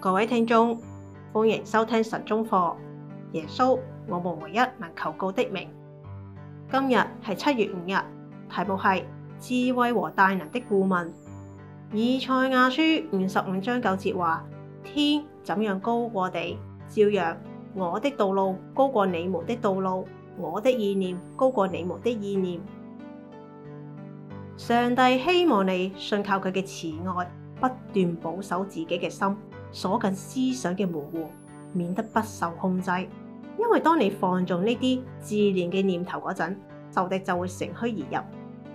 各位聽眾，歡迎收聽晨鐘課。耶穌，我們唯一能求告的名。今日係七月五日，題目係智慧和大能的顧問。以賽亞書五十五章九節話：天怎樣高過地，照樣我的道路高過你們的道路，我的意念高過你們的意念。上帝希望你信靠佢嘅慈愛，不斷保守自己嘅心。鎖緊思想嘅門戶，免得不受控制。因為當你放縱呢啲自憐嘅念頭嗰陣，就敵就會乘虛而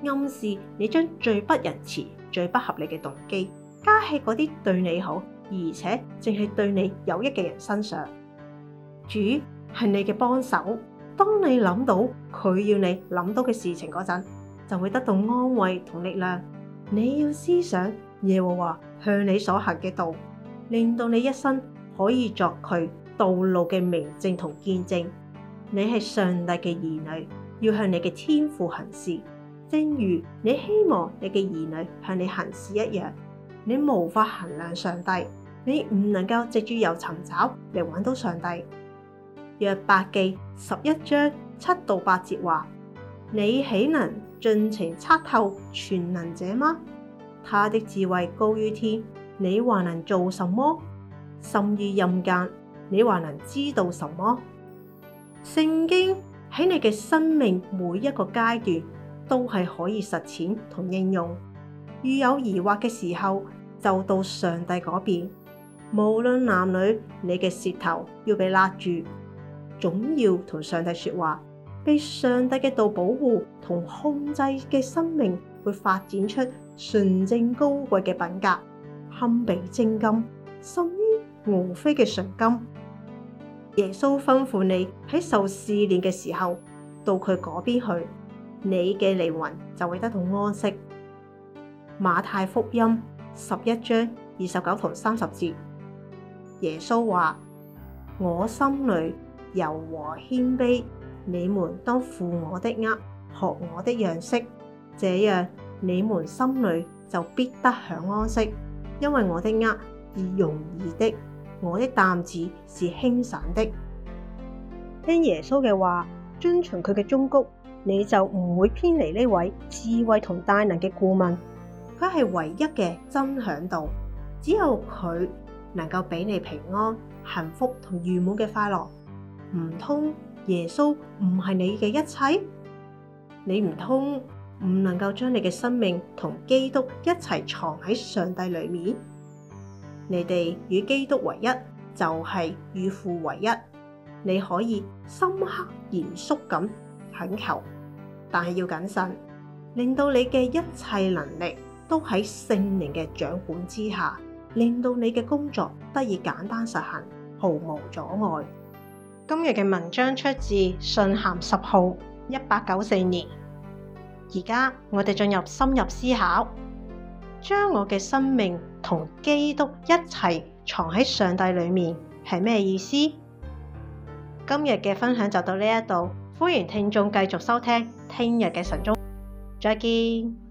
入，暗示你將最不仁慈、最不合理嘅動機加喺嗰啲對你好而且淨係對你有益嘅人身上。主係你嘅幫手，當你諗到佢要你諗到嘅事情嗰陣，就會得到安慰同力量。你要思想耶和華向你所行嘅道。令到你一生可以作佢道路嘅明證同見證，你係上帝嘅兒女，要向你嘅天父行事，正如你希望你嘅兒女向你行事一樣。你無法衡量上帝，你唔能夠藉住有尋找嚟搵到上帝。約伯記十一章七到八節話：你豈能盡情測透全能者嗎？他的智慧高於天。你還能做什麼？甚於任間，你還能知道什麼？聖經喺你嘅生命每一個階段都係可以實踐同應用。遇有疑惑嘅時候，就到上帝嗰邊。無論男女，你嘅舌頭要被勒住，總要同上帝說話。被上帝嘅道保護同控制嘅生命，會發展出純正高貴嘅品格。堪比精金，甚於俄斐嘅純金。耶穌吩咐你喺受試煉嘅時候到佢嗰邊去，你嘅靈魂就會得到安息。馬太福音十一章二十九同三十節，耶穌話：我心裏柔和謙卑，你們當負我的軛，學我的樣式，這樣你們心裏就必得享安息。因為我的軛是容易的，我的擔子是輕省的。聽耶穌嘅話，遵循佢嘅忠告，你就唔會偏離呢位智慧同大能嘅顧問。佢係唯一嘅真嚮導，只有佢能夠俾你平安、幸福同圓滿嘅快樂。唔通耶穌唔係你嘅一切？你唔通？唔能夠將你嘅生命同基督一齊藏喺上帝裏面，你哋與基督為一，就係與父為一。你可以深刻嚴肅咁懇求，但係要謹慎，令到你嘅一切能力都喺聖靈嘅掌管之下，令到你嘅工作得以簡單實行，毫無阻礙。今日嘅文章出自信函十號，一八九四年。而家我哋進入深入思考，將我嘅生命同基督一齊藏喺上帝裏面，係咩意思？今日嘅分享就到呢一度，歡迎聽眾繼續收聽聽日嘅晨鐘，再見。